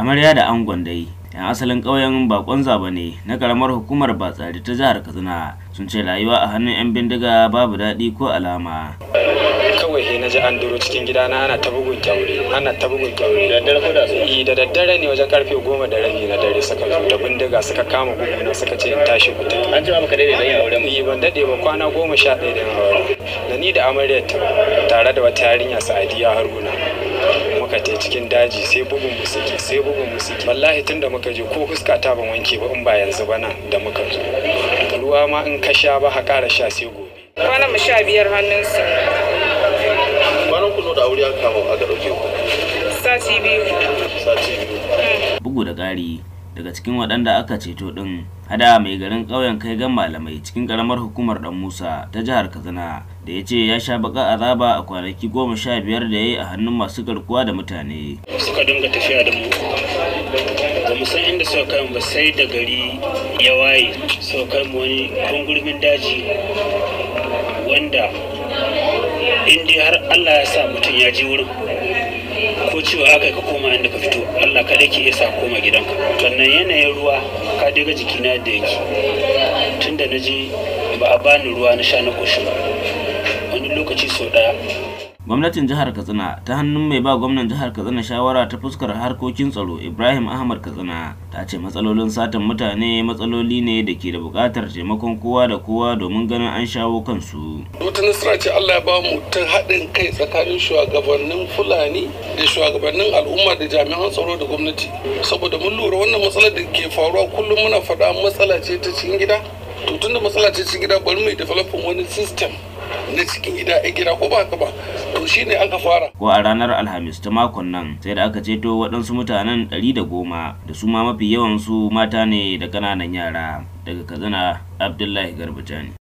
amarya da angon dai yan asalin ƙauyen bakon zaba ne na karamar hukumar batsari ta jihar katsina sun ce rayuwa a hannun 'yan bindiga babu daɗi ko alama kawai he na ji an duro cikin gidana ana ta bugun kyaure ana ta bugun kyaure da daddare ko da su eh, da daddare ne wajen karfe goma da rabi na dare suka zo da bindiga suka kama na suka ce in tashi tafi an ji baka daidai bayan auren mu eh, ban dade ba kwana goma sha ɗaya da aure da ni da amaryar ta tare da wata yarinya sa'adiya haruna cikin daji sai bugun musiki suke sai bugun musiki suke wallahi tunda muka je ko fuska ta ban wanke ba in ba yanzu ba nan da muka zo ruwa ma in ka sha ba ha ƙara sha sai gobe kwanan mu sha biyar hannun su. kwanan ku da aure aka kama aka ɗauke ku sati biyu sati biyu hmm. bugu da ƙari daga cikin waɗanda aka ceto ɗin hada mai garin ƙauyen kai gan malamai cikin ƙaramar hukumar dan musa ta jihar kaduna da ya ce ya sha baka azaba a kwanaki goma sha biyar da ya yi a hannun masu garkuwa da mutane suka dinga tafiya da mu ba mu san inda suka kai ba sai da gari ya waye suka mu wani kungurmin daji wanda in dai har allah ya sa mutum ya je wurin wucewa aka ka koma inda ka fito Allah kada ke yasa koma gidanka sannan yanayin ruwa ka daga jikina da yake tunda na je ba a bani ruwa na sha na ba. wani lokaci sau ɗaya. Gwamnatin jihar Katsina ta hannun mai ba gwamnan jihar Katsina shawara ta fuskar harkokin tsaro Ibrahim Ahmad Katsina ta ce matsalolin satan mutane matsaloli ne da ke da buƙatar taimakon kowa da kowa domin ganin an shawo kansu. Wata nasara ce Allah ya ba mu ta haɗin kai tsakanin shugabannin Fulani da shugabannin al'umma da jami'an tsaro da gwamnati saboda mun lura wannan matsalar da ke faruwa kullum muna faɗa matsala ce ta cikin gida to tun da matsala ce cikin gida bari mai developing wani system na cikin gida a eh, gida ko ba ka ba to shine aka fara ko a ranar alhamis ta makon nan sai da aka ceto waɗansu mutanen ɗari da goma da su ma mafi yawan su mata ne da ƙananan yara daga kazana abdullahi garbajani